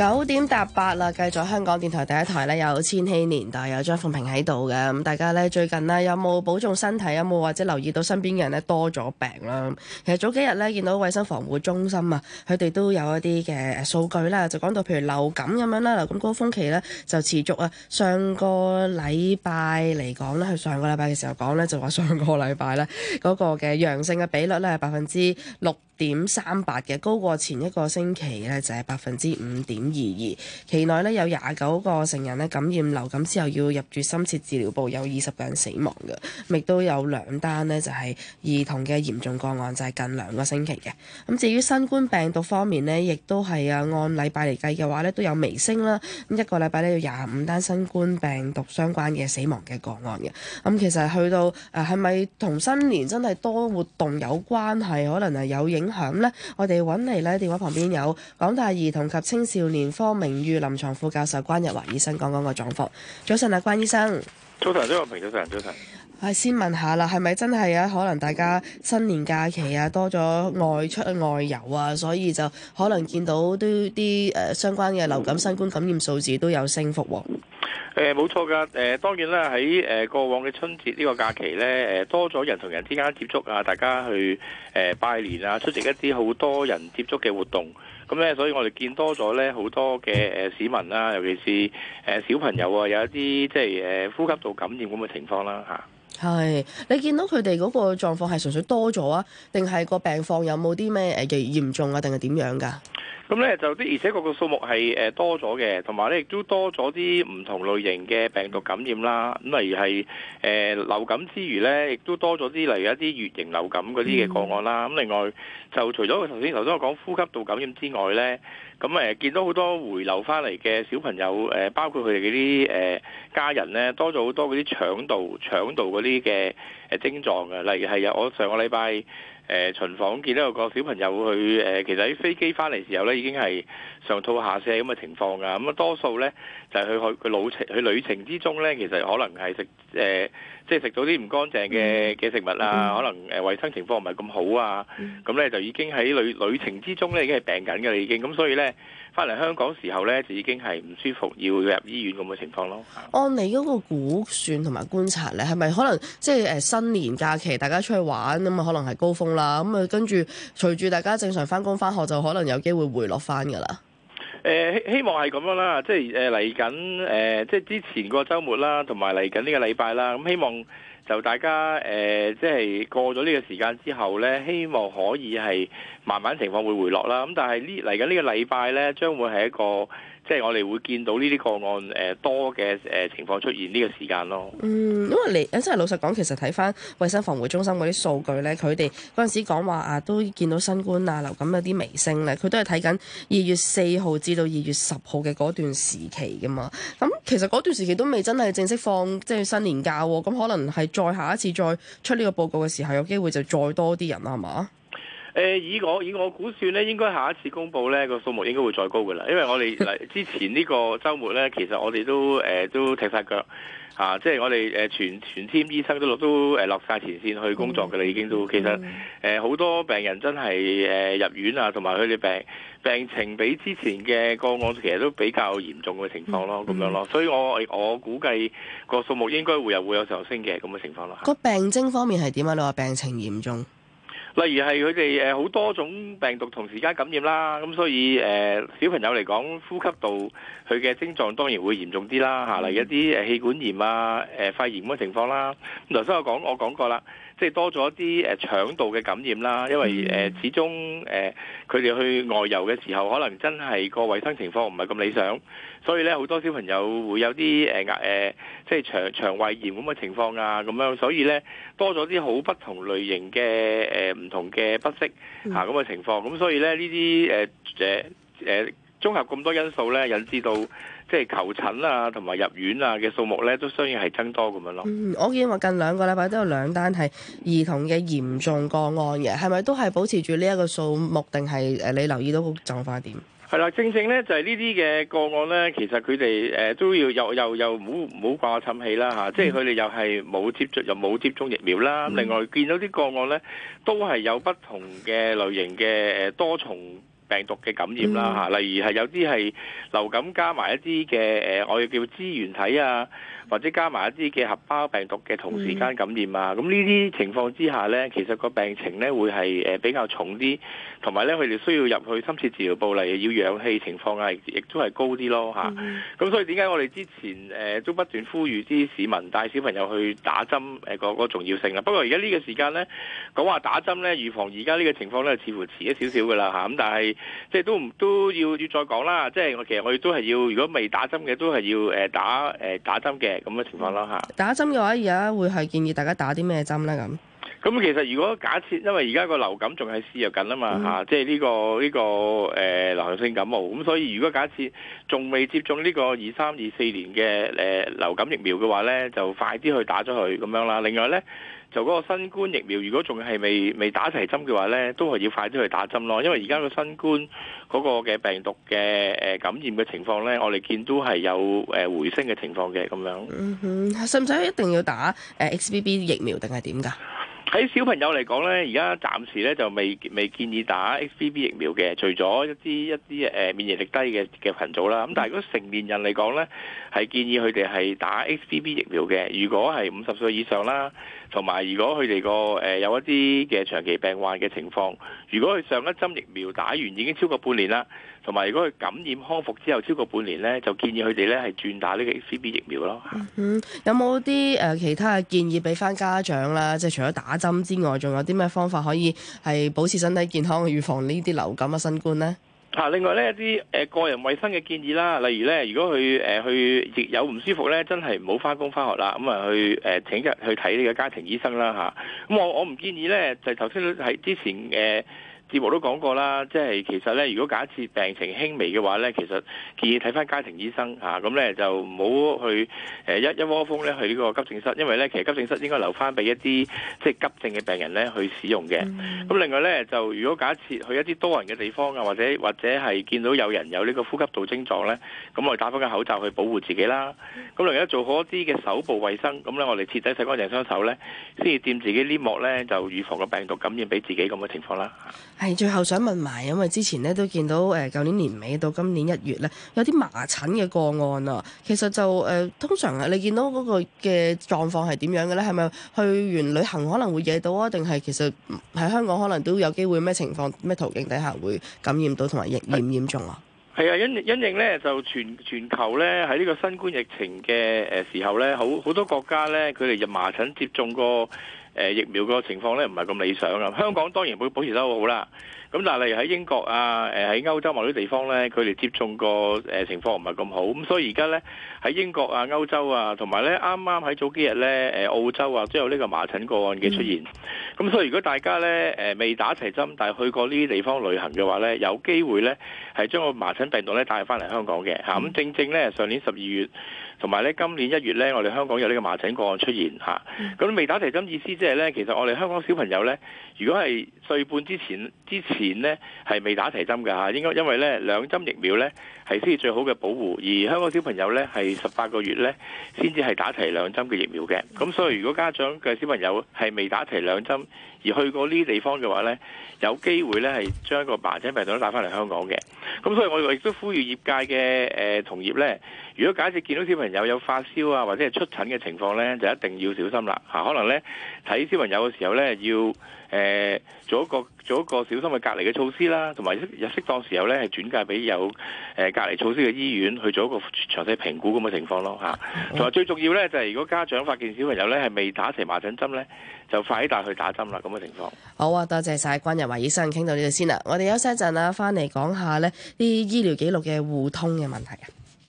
九點搭八啦，繼續香港電台第一台咧，有千禧年代有張鳳平喺度嘅咁，大家咧最近呢，有冇保重身體？有冇或者留意到身邊嘅人咧多咗病啦？其實早幾日咧見到衞生防護中心啊，佢哋都有一啲嘅數據啦，就講到譬如流感咁樣啦，咁高峰期咧就持續啊。上個禮拜嚟講咧，佢上個禮拜嘅時候講咧，就話上個禮拜咧嗰個嘅陽性嘅比率咧係百分之六點三八嘅，高過前一個星期咧，就係百分之五點二二。期內咧有廿九個成人咧感染流感之後要入住深切治療部，有二十個人死亡嘅。亦都有兩單呢，就係兒童嘅嚴重個案，就係近兩個星期嘅。咁至於新冠病毒方面呢，亦都係啊按禮拜嚟計嘅話咧都有微升啦。咁一個禮拜咧有廿五單新冠病毒相關嘅死亡嘅個案嘅。咁其實去到誒係咪同新年真係多活動有關係？可能係有影響。咧，我哋揾嚟呢電話旁邊有港大兒童及青少年科名譽臨床副教授關日華醫生講講個狀況。早晨啊，關醫生。早晨，都係平，早晨，早晨。早係，先問下啦，係咪真係啊？可能大家新年假期啊，多咗外出外遊啊，所以就可能見到啲啲誒相關嘅流感、新冠感染數字都有升幅喎。誒，冇錯㗎。誒，當然啦，喺誒過往嘅春節呢個假期咧，誒多咗人同人之間接觸啊，大家去誒拜年啊，出席一啲好多人接觸嘅活動。咁咧，所以我哋見多咗咧好多嘅誒市民啦，尤其是誒小朋友啊，有一啲即係誒呼吸道感染咁嘅情況啦，嚇。係，你見到佢哋嗰個狀況係純粹多咗啊？定係個病況有冇啲咩誒嘅嚴重啊？定係點樣㗎？咁咧就啲，而且個個數目係誒多咗嘅，同埋咧亦都多咗啲唔同類型嘅病毒感染啦。咁例如係誒、呃、流感之餘咧，亦都多咗啲例如一啲乙型流感嗰啲嘅個案啦。咁、嗯、另外就除咗佢頭先頭先我講呼吸道感染之外咧。咁誒見到好多回流翻嚟嘅小朋友誒，包括佢哋嗰啲誒家人咧，多咗好多嗰啲腸道腸道嗰啲嘅誒症狀嘅，例如係有我上個禮拜誒巡房見到有個小朋友去誒，其實喺飛機翻嚟時候咧已經係上吐下瀉咁嘅情況噶，咁啊多數咧就係佢去佢路程佢旅程之中咧，其實可能係食誒即係食到啲唔乾淨嘅嘅食物啦，可能誒衞生情況唔係咁好啊，咁咧就已經喺旅旅程之中咧已經係病緊㗎喇已經，咁所以咧。翻嚟香港時候呢，就已經係唔舒服，要入醫院咁嘅情況咯。按你嗰個估算同埋觀察呢係咪可能即係誒新年假期大家出去玩咁啊，可能係高峰啦。咁啊，跟住隨住大家正常翻工翻學，就可能有機會回落翻噶啦。希望係咁樣啦，即係嚟緊誒，即係之前個周末啦，同埋嚟緊呢個禮拜啦，咁希望。就大家誒，即、呃、係、就是、過咗呢個時間之後咧，希望可以係慢慢情況會回落啦。咁但係呢嚟緊呢個禮拜咧，將會係一個。即係我哋會見到呢啲個案誒、呃、多嘅誒、呃、情況出現呢個時間咯。嗯，因為你誒真係老實講，其實睇返衞生防護中心嗰啲數據咧，佢哋嗰陣時講話啊，都見到新冠啊、流感有啲微升咧。佢都係睇緊二月四號至到二月十號嘅嗰段時期㗎嘛。咁、嗯、其實嗰段時期都未真係正式放即係、就是、新年假，啊，咁、嗯、可能係再下一次再出呢個報告嘅時候，有機會就再多啲人啦係嘛。誒，以我以我估算咧，應該下一次公布咧個數目應該會再高嘅啦，因為我哋嚟之前個呢個周末咧，其實我哋都誒、呃、都踢晒腳吓，即係我哋誒全全隊醫生都落都誒落晒前綫去工作嘅啦，已經都其實誒好、呃、多病人真係誒、呃、入院啊，同埋佢哋病病情比之前嘅個案其實都比較嚴重嘅情況咯，咁、嗯、樣咯，所以我我估計個數目應該會有會有上升嘅咁嘅情況咯。個病徵方面係點啊？你話病情嚴重？例如係佢哋誒好多種病毒同時間感染啦，咁所以誒、呃、小朋友嚟講，呼吸道佢嘅症狀當然會嚴重啲啦嚇、啊，例如一啲誒氣管炎啊、誒、呃、肺炎咁嘅情況啦。頭先我講，我講過啦。即係多咗一啲誒腸道嘅感染啦，因為誒始終誒佢哋去外遊嘅時候，可能真係個衞生情況唔係咁理想，所以咧好多小朋友會有啲誒誒即係腸腸胃炎咁嘅情況啊，咁樣所以咧多咗啲好不同類型嘅誒唔同嘅不適吓咁嘅情況，咁所以咧呢啲誒誒誒綜合咁多因素咧引致到。即係求診啊，同埋入院啊嘅數目咧，都相應係增多咁樣咯。嗯，我見話近兩個禮拜都有兩單係兒童嘅嚴重個案嘅，係咪都係保持住呢一個數目？定係誒你留意到狀況點？係啦、嗯，正正咧就係呢啲嘅個案咧，其實佢哋誒都要又又又唔好唔好掛診器啦吓、啊，即係佢哋又係冇接觸又冇接種疫苗啦。另外見到啲個案咧，都係有不同嘅類型嘅誒多重。病毒嘅感染啦嚇，嗯、例如係有啲係流感加埋一啲嘅誒，我哋叫支原體啊，或者加埋一啲嘅合胞病毒嘅同時間感染啊，咁呢啲情況之下呢，其實個病情呢會係誒比較重啲，同埋呢，佢哋需要入去深切治療部，例如要氧氣情況啊，亦都係高啲咯吓，咁、嗯、所以點解我哋之前誒都不斷呼籲啲市民帶小朋友去打針誒個重要性啊。不過而家呢個時間呢，講話打針呢，預防而家呢個情況呢，似乎遲一少少噶啦吓，咁但係。即係都唔都要要再講啦，即係我其實我亦都係要，如果未打針嘅都係要誒打誒打針嘅咁嘅情況啦吓。打針嘅、呃、話而家會係建議大家打啲咩針咧咁？咁其實，如果假設，因為而家個流感仲係肆虐緊啊嘛，嚇，即係呢個呢個誒流行性感冒咁，所以如果假設仲未接種呢個二三二四年嘅誒流感疫苗嘅話咧，就快啲去打咗佢咁樣啦。另外咧，就嗰個新冠疫苗，如果仲係未未打齊針嘅話咧，都係要快啲去打針咯。因為而家個新冠嗰個嘅病毒嘅誒感染嘅情況咧，我哋見到都係有誒回升嘅情況嘅咁樣。嗯哼，使唔使一定要打誒 X B B 疫苗定係點㗎？喺小朋友嚟講呢，而家暫時呢就未未建議打 XBB 疫苗嘅，除咗一啲一啲誒、呃、免疫力低嘅嘅羣組啦。咁但係如果成年人嚟講呢，係建議佢哋係打 XBB 疫苗嘅。如果係五十歲以上啦。同埋，如果佢哋個誒有一啲嘅長期病患嘅情況，如果佢上一針疫苗打完已經超過半年啦，同埋如果佢感染康復之後超過半年咧，就建議佢哋咧係轉打呢個 A C B 疫苗咯、嗯。嗯，有冇啲誒其他嘅建議俾翻家長啦？即係除咗打針之外，仲有啲咩方法可以係保持身體健康、預防呢啲流感啊、新冠呢？啊、另外呢，一啲誒個人衞生嘅建議啦，例如呢，如果佢誒去亦、呃、有唔舒服呢，真係唔好返工返學啦，咁啊去誒、呃、請日去睇呢個家庭醫生啦嚇。咁、啊嗯、我我唔建議呢，就頭先喺之前誒。呃節目都講過啦，即係其實咧，如果假設病情輕微嘅話咧，其實建議睇翻家庭醫生嚇，咁、啊、咧就唔好去誒一一窩蜂咧去呢個急症室，因為咧其實急症室應該留翻俾一啲即係急症嘅病人咧去使用嘅。咁、嗯、另外咧就如果假設去一啲多人嘅地方啊，或者或者係見到有人有呢個呼吸道症狀咧，咁我哋戴翻個口罩去保護自己啦。咁另外做好一啲嘅手部衞生，咁咧我哋徹底洗乾淨雙手咧，先至掂自己黏膜呢膜咧就預防個病毒感染俾自己咁嘅情況啦。係，最後想問埋，因為之前咧都見到誒，舊年年尾到今年一月咧，有啲麻疹嘅個案啊。其實就誒、呃，通常啊，你見到嗰個嘅狀況係點樣嘅咧？係咪去完旅行可能會惹到啊？定係其實喺香港可能都有機會咩情況咩途徑底下會感染到同埋嚴嚴唔嚴重啊？係啊，因因應咧就全全球咧喺呢個新冠疫情嘅誒時候咧，好好多國家咧佢哋入麻疹接種個疫苗個情況咧唔係咁理想啊！香港當然會保持得好好啦，咁但係例如喺英國啊、誒喺歐洲某啲地方咧，佢哋接種個誒情況唔係咁好，咁所以而家咧喺英國啊、歐洲啊，同埋咧啱啱喺早幾日咧誒澳洲啊都有呢個麻疹個案嘅出現，咁、嗯、所以如果大家咧誒未打齊針，但係去過呢啲地方旅行嘅話咧，有機會咧係將個麻疹病毒咧帶翻嚟香港嘅嚇，咁、嗯、正正咧上年十二月。同埋咧，今年一月咧，我哋香港有呢個麻疹個案出現嚇。咁、啊、未打提針意思即係咧，其實我哋香港小朋友咧，如果係歲半之前之前咧，係未打提針嘅嚇。應、啊、該因為咧，兩針疫苗咧係先至最好嘅保護。而香港小朋友咧，係十八個月咧先至係打提兩針嘅疫苗嘅。咁所以如果家長嘅小朋友係未打提兩針，而去過呢啲地方嘅話呢，有機會呢係將一個麻疹病毒帶翻嚟香港嘅。咁所以我亦都呼籲業界嘅誒、呃、同業呢，如果假設見到小朋友有發燒啊或者係出疹嘅情況呢，就一定要小心啦嚇、啊。可能呢睇小朋友嘅時候呢要。誒做一個做一個小心嘅隔離嘅措施啦，同埋亦適當時候咧係轉介俾有誒隔離措施嘅醫院去做一個詳細評估咁嘅情況咯嚇。同埋 Okay. 最重要咧就係如果家長發現小朋友咧係未打成麻疹針咧，就快啲帶去打針啦咁嘅情況。好啊，多謝晒。關日華醫生傾到呢度先啦，我哋休息一陣啦，翻嚟講下咧啲醫療記錄嘅互通嘅問題啊。